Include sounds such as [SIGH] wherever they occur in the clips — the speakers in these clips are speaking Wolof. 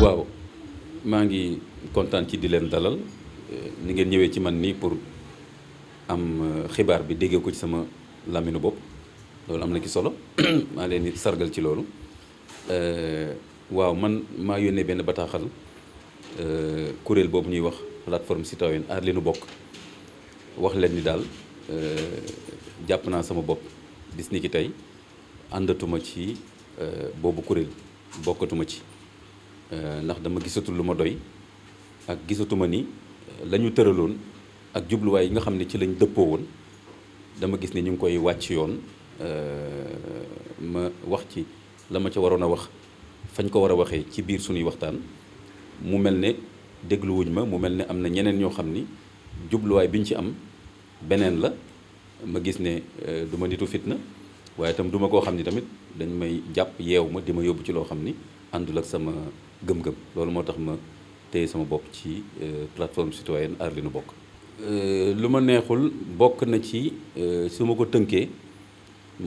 Wow, mangi kontan kontaan ci dalal ni ngeen ñëwee ci man nii pour am euh, xibaar bi déggee ko ci sama làmmiñu bopp loolu am na ci solo [COUGHS] maa leen di sargal ci loolu euh, waaw man maa yónnee benn bataaxal euh, kuréel boobu ñuy wax plateforme citoyenne aar li nu bokk wax leen ni daal jàpp naa sama bopp bis ni ki tey àndatuma ci boobu kuréel bokkatuma ci ndax dama gisatul lu ma doy ak gisatuma ni la ñu tëraloon ak jubluwaay yi nga xam ne ci lañ dëppoo woon dama gis ne ñu ngi koy wàcc yoon euh, ma wax ci la ma ca waroon a wax fañ ko war a waxee ci biir suñuy waxtaan mu mel ne dégluwuñ ma mu mel ne am na ñeneen ñoo xam ni jubluwaay bi ñu ci am beneen la ma gis ne euh, du ma nitu fitna waaye itam duma ma koo xam ni tamit dañ may jàpp yeew ma di ma yóbbu ci loo xam ni àndul ak sama gëm-gëm loolu moo tax ma téye sama bokk ci euh, plateforme citoyenne aar li nu bokk. Euh, lu ma neexul bokk na ci euh, su ma ko tënkee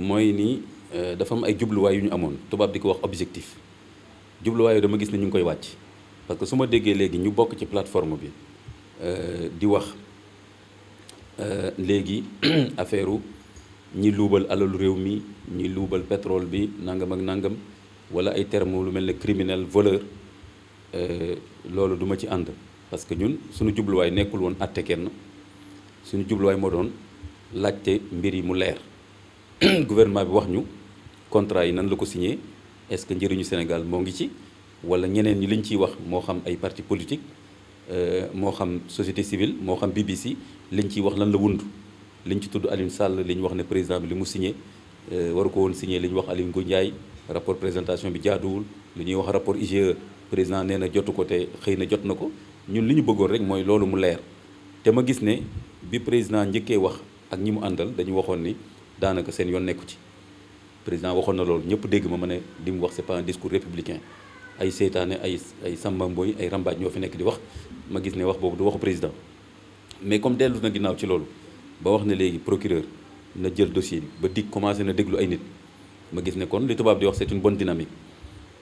mooy ni dafa am ay jubluwaay yu ñu amoon tubaab di ko wax objectif jubluwaay dama gis ne ñu ngi koy wàcc parce que su ma déggee léegi ñu bokk ci plateforme bi di wax léegi [CLEARS THROAT] affaire ñi luubal alalu réew mi ñi luubal pétrole bi nangam ak nangam wala ay termes lu mel ne criminel voleur. Euh, loolu duma ci dire. parce que ñun suñu nekul won atté kenn suñu mo don laccé mbir yi mu [CLEARS THROAT] gouvernement bi wax ñu contrat yi nan la signé est-ce que ñëriñu Sénégal mo ngi ci wala ñeneen ñi liñ ciy wax mo xam parti politique euh, mo xam société civile BBC liñ ciy wax lan la liñ Sall président bi li mu signé euh, war ko wax rapport présentation bi wax rapport président nee na jotu ko te xëy na jot na ko ñun li ñu bëggoon rek mooy loolu mu leer te ma gis ne bi président njëkkee wax ak ñi mu àndal dañu waxoon ni daanaka seen yoon nekku ci président waxoon na loolu ñëpp dégg ma ma ne li mu wax c'est pas un discours républicain ay seytaane ay ay ay rambaaj ñoo fi nekk di wax ma gis ne wax boobu du waxu président mais comme dellu na ginnaaw ci loolu ba wax ne léegi procureur na jël dossier bi ba dig commencé na déglu ay nit ma gis ne kon li tubaab di wax c'est une bonne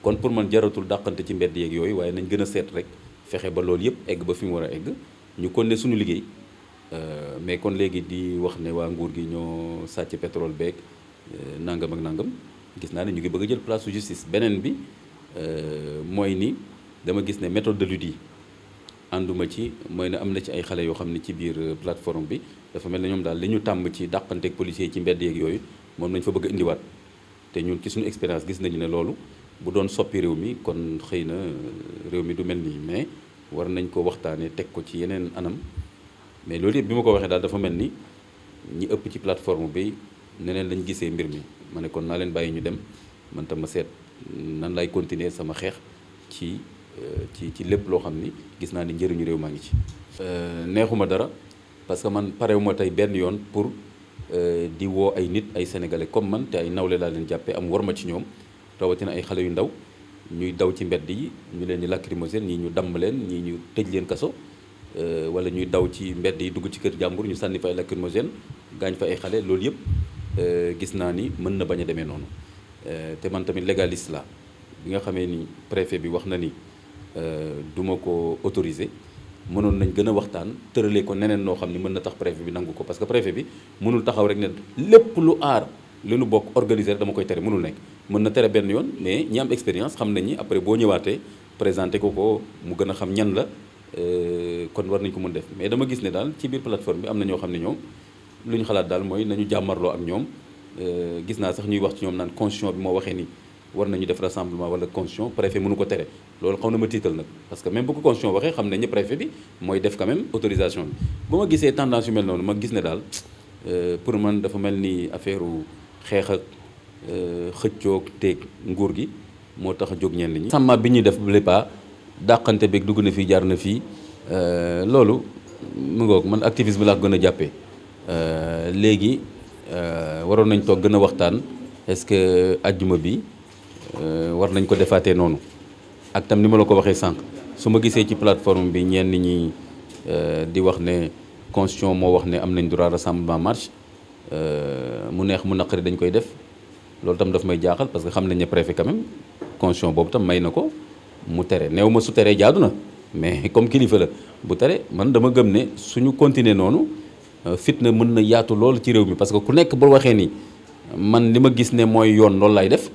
kon pour man jaratul dàqante ci mbedd yeeg yoy waye nañ gëna sét rek fexé ba lool yépp egg ba fi mu egg ñu kon suñu liggéey euh, mais kon légui di wax né wa nguur gi ñoo sacc pétrole bék euh, nangam ak nangam gis na né ñu gi bëgg jël place justice benen bi euh, moy ni dama gis ne méthode de lutte yi ci moy né amna ci ay xalé yo xamni ci biir plateforme bi dafa melni ñom ñoom daal li ñu tam ci dàqanteeg ak yi ci mbedd yeeg yoy mom nañ fa bëgg indi te ñun ci suñu expérience gis nañu né loolu bu doon soppi réew mi kon xëy na euh, réew mi du mel nii mais war nañ ko waxtaanee teg ko ci yeneen anam mais loolu yëpp bi ma ko waxee daal dafa mel ni ñi ëpp ci plateforme bi neneen lañ gisee mbir mi ma ne kon naa leen bàyyi ñu dem man tam ma seet nan lay continuer sama xeex ci euh, ci ci lépp loo xam ni gis naa ni njëriñu réew maa ngi ci. Euh, neexuma dara parce que man parewuma tey benn yoon pour di woo ay nit ay sénégalais comme man te ay nawle laa leen jàppee am war ma ci ñoom. rawatina ay xale yu ndaw ñuy daw ci mbedd yi ñu leen di lacrymogène ñii ñu damb leen ñii ñu tëj leen kaso euh, wala ñuy daw ci mbedd yi dugg ci kër jàmbur ñu sànni fa ay lacrymogène gaañ fa ay xale loolu yëpp euh, gis naa ni mën na bañ a demee noonu euh, te man tamit légaliste la bi nga xamee ni préfet bi wax na ni du ma ko autorisé mënoon nañ gën a waxtaan tëralee ko neneen noo xam ni mën na tax préfet bi nangu ko parce que préfet bi mënul taxaw rek ne lépp lu aar lu nu bokk organiser dama koy tere mënul nekk mën na tere benn yoon mais ñi am expérience xam nañ ni après boo ñëwaatee présenté ko ko mu gën a xam ñan la euh, kon war nañ ko mën def mais dama gis ne daal ci biir plateforme bi am na ñoo xam ne ñoom lu ñu xalaat daal mooy nañu jàmmarloo ak ñoom euh, gis naa sax ñuy wax ci ñoom naan constitution bi moo waxee ni war nañu def rassemblement wala constitution préfet mënu ko tere loolu xaw na ma tiital nag parce que même bu ko constitution waxee xam nañ ne préfet bi mooy def quand même autorisation bi bu ma gisee tendance yu mel noonu ma gis ne daal euh, pour man dafa mel ni affaire xeex ak Euh, xëccok teeg nguur gi moo tax a jóg ñi. bi ñuy def lépa dàqante beeg dugg na fi jaar na euh lolu mu ngok man la gëna jappé euh légui euh waroon nañ tok gëna waxtaan est-ce que aljuma bi euh, war nañ ko defaatee nonu ak tam ni la ko waxé sank suma gisé ci plateforme bi ñen ñi euh, di wax né constitution mo wax né am nañ droit rassemblement marche mu neex mu naqari dañ koy def. loolu tam dafa may jaaxal parce que xam nañ ne préfet quand constitution boobu tam may na ko mu tere néew ma su teree jaadu na mais [LAUGHS] comme kilifa la bu tere man dama gëm ne suñu continuer noonu euh, fitna mën na yaatu lool ci réew mi parce que ku nekk boo waxee ni man li ma gis ne mooy yoon loolu laay def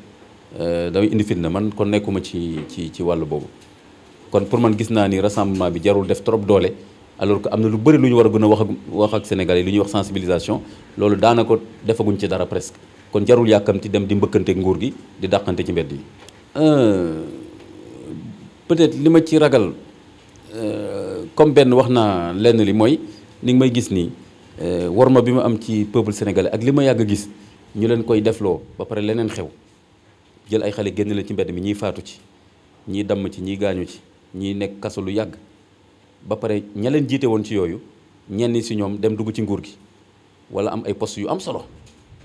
euh, damay indi fitna man kon nekkuma ci ci ci wàll boobu. kon pour man gis naa ni rassemblement bi jarul def trop doole alors que am na lu bëri lu ñu war a gën a wax wax ak Sénégalais yi ñuy wax sensibilisation loolu daana ko ci dara presque. kon jarul yàkkamti dem di mbëkkante nguur gi di dàqante ci mbedd yi euh, peut-être li ma ci ragal euh, comme benn wax naa lenn li mooy ni may gis nii euh, worma bi ma am ci peuple sénégalais ak li ma yàgg a gis ñu leen koy defloo ba pare leneen xew jël ay xale génn leen ci mbedd mi ñiy faatu ci ñiy damm ci ñiy gaañu ci ñiy nekk kaso lu yàgg ba pare ña leen jiite woon ci yooyu ñenn si ñoom dem dugg ci nguur gi walla am ay post yu am solo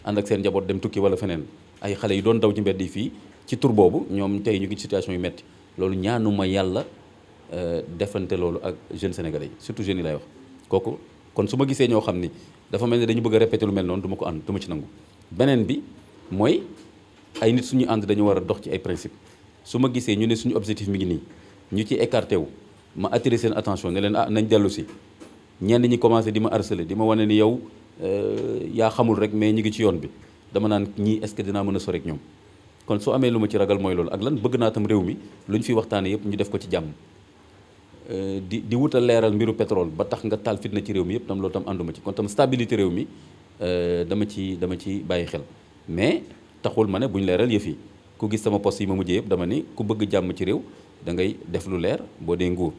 ànd ak seen njaboot dem tukki wala feneen ay xale yu doon daw ci mbedd yi fii ci tur boobu ñoom tey ñu ngi situation yu metti loolu ñaanuma yàlla euh, defante loolu ak jeunes sénégalais yi surtout jeunes yi lay wax kooku kon su ma gisee ñoo xam ni dafa mel ne dañu bëgg a lu mel noonu duma ko ànd du ci nangu beneen bi mooy ay nit suñu ànd dañu war a dox ci ay principe su ma gisee ñu ne suñu objectif mi ngi nii ñu ci écarté wu ma attiré seen attention ne leen ah nañ dellu si ñenn ñi commencé di ma harceler di ma wane ni yow Euh, yaa xamul rek mais ñi ngi ci yoon bi dama naan ñii est-ce que dinaa mën a sori ñoom kon soo amee lu ma ci ragal mooy loolu ak lan bëgg naa tam réew mi lu ñu fi waxtaanee yëpp ñu def ko ci jàmm euh, di di wutal leeral mbiru pétrole ba tax nga taal fitna ci réew mi yëpp tam loo tam ànduma ci kon tam stabilité réew mi euh, dama ci dama ci bàyyi xel mais taxul ma ne bu ñu leeral yëf yi ku gis sama post yi ma mujjee yëpp dama ni ku bëgg jàmm ci réew dangay def lu leer boo dee nguur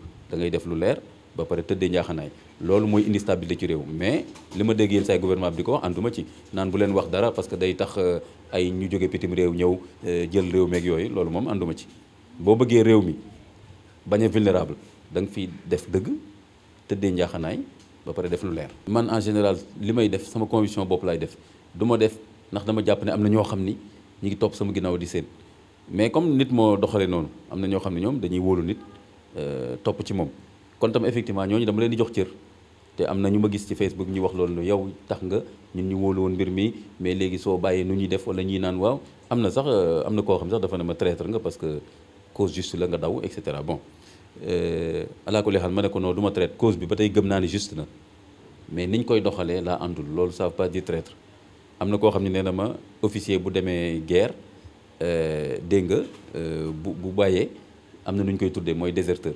def lu leer ba pare tëddee njaaxanaay loolu mooy indi stabilité ci réew mais li ma dégg yéen say gouvernement bi di ko wax ànduma ci naan bu leen wax dara parce que day tax euh, ay ñu jóge pitim réew ñëw euh, jël réew meeg yooyu loolu moom ànduma ci boo bëggee réew mi bañ a vulnérable da nga fiy def dëgg tëddee njaaxanaay ba pare def lu leer man en général li may def sama conviction bopp laay def du ma def ndax dama jàpp ne am na ñoo xam ni ñu ngi topp sama ginnaaw di seen mais comme nit moo doxalee noonu am na ñoo xam ne ñoom dañuy wóolu nit euh, topp ci moom kon tam effectivement ñooñu dama leen di jox cër té amna ñuma gis ci Facebook ñu wax lool yow tax nga ñun ñu wóolu woon mbir mi mais légui so bayé nu ñi def wala ñi naan waaw amna sax euh, amna ko koo xam sax dafa ne ma traître nga parce que cause juste la nga daw et cetera bon euh ala kulli xaal ma ne ko no duma traître cause bi batay tey gëm naa juste na mais niñ koy doxalé la andul lool ça veut pas dire traître amna ko xamni xam ne ma officier bu démé guerre euh, dégg nga euh, bu bu bayé amna na nu koy tuddé moy déserteur.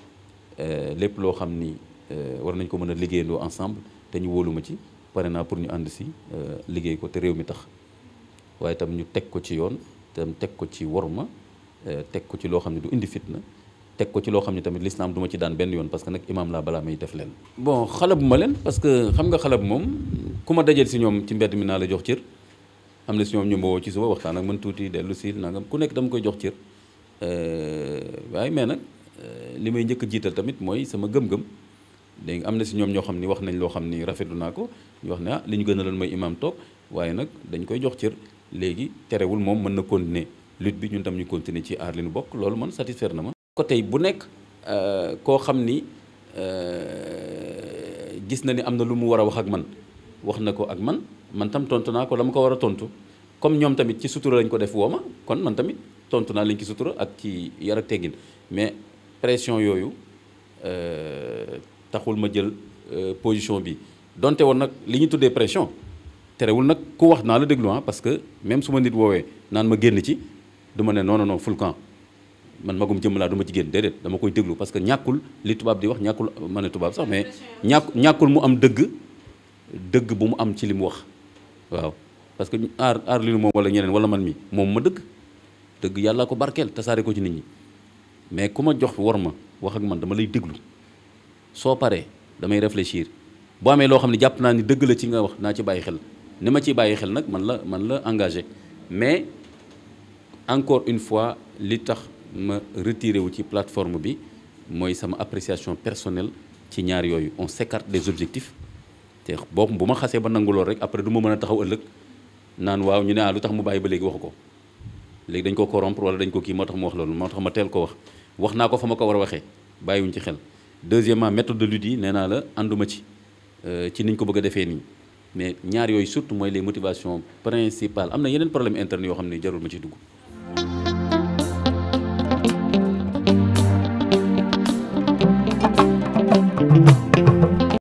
Euh, lépp loo xam ni euh, war nañ ko mën a liggéeyandoo ensemble te ñu wóolu ci pare naa pour ñu ànd si euh, liggéey ko te réew mi tax waaye tam ñu teg ko ci yoon tam teg ko ci worma teg ko ci loo xam ne du indi fitna teg ko ci loo xam ne tamit lislaam du ma ci daan benn yoon parce que nag imaam laa balaa may def leen. bon xalab ma leen parce que xam nga xalab moom ku ma dajal si ñoom ci mbedd mi naa la jox cër am na si ñoom ñu ma ci suba waxtaan ak man tuuti dellu si nangam ku nekk dama koy jox cër waaye mais nag. Euh, lima may njëkk a tamit moi sama gëm-gëm dégg nga am na si ni wax nañ loo xam ni rafetlu naa ko ñu wax ne imam ah, li ñu gën a loon mooy imaam toog waaye nag dañ koy jox cër léegi terewul moom mën continuer lutte bi ñun tam ñu continuer ci ar li bok loolu man satisfaire na ma. côté bu nekk euh, koo ni euh, gis na ni am lu mu wax ak man wax ko ak man man tam tontu naa ko ko wara a tontu comme tamit ci sutura lañ ko def woma kon man tamit tontu ci sutura ak ci yar ak mais. pression yooyu euh, taxul ma jël euh, position bi donté won nak liñu tuddé pression nak ku wax la déglu parce que même suma nit woowee nan ma génn ci non non man magum dama parce que li tubab di wax ñàkkul mané tubab sax mais ñàkk mu am bu am parce que wala ñeneen wala man mi ma ko mais ku ma jox war ma wax ak man dama lay déglu soo paree damay réfléchir boo amee loo xam ne jàpp naa ni dëgg la ci nga wax naa ci bàyyi xel ni ma ciy bàyyi xel nag man la man la engagé mais encore une fois li tax ma retiré wu ci plateforme bi mooy sama appréciation personnelle ci ñaar yooyu on s'écarte des objectifs te boobu bu ma xasee ba nangu lool rek après du ma mën a taxaw ëllëg naan waaw ñu ne ah lu tax mu bàyyi ba léegi waxu ko léegi dañ ko corrompre wala dañ ko kii moo tax wax loolu moo tax ma teel ko wax wax naa ko fa ma ko war a waxee bàyyiwuñ ci xel deuxièmement méthode de lutte nee naa la ànduma ci euh, ci niñ ko bëgg defee nii mais ñaar yooyu surtout mooy les motivations principales am na yeneen problème interne yoo xam ne jarul ma ci dugg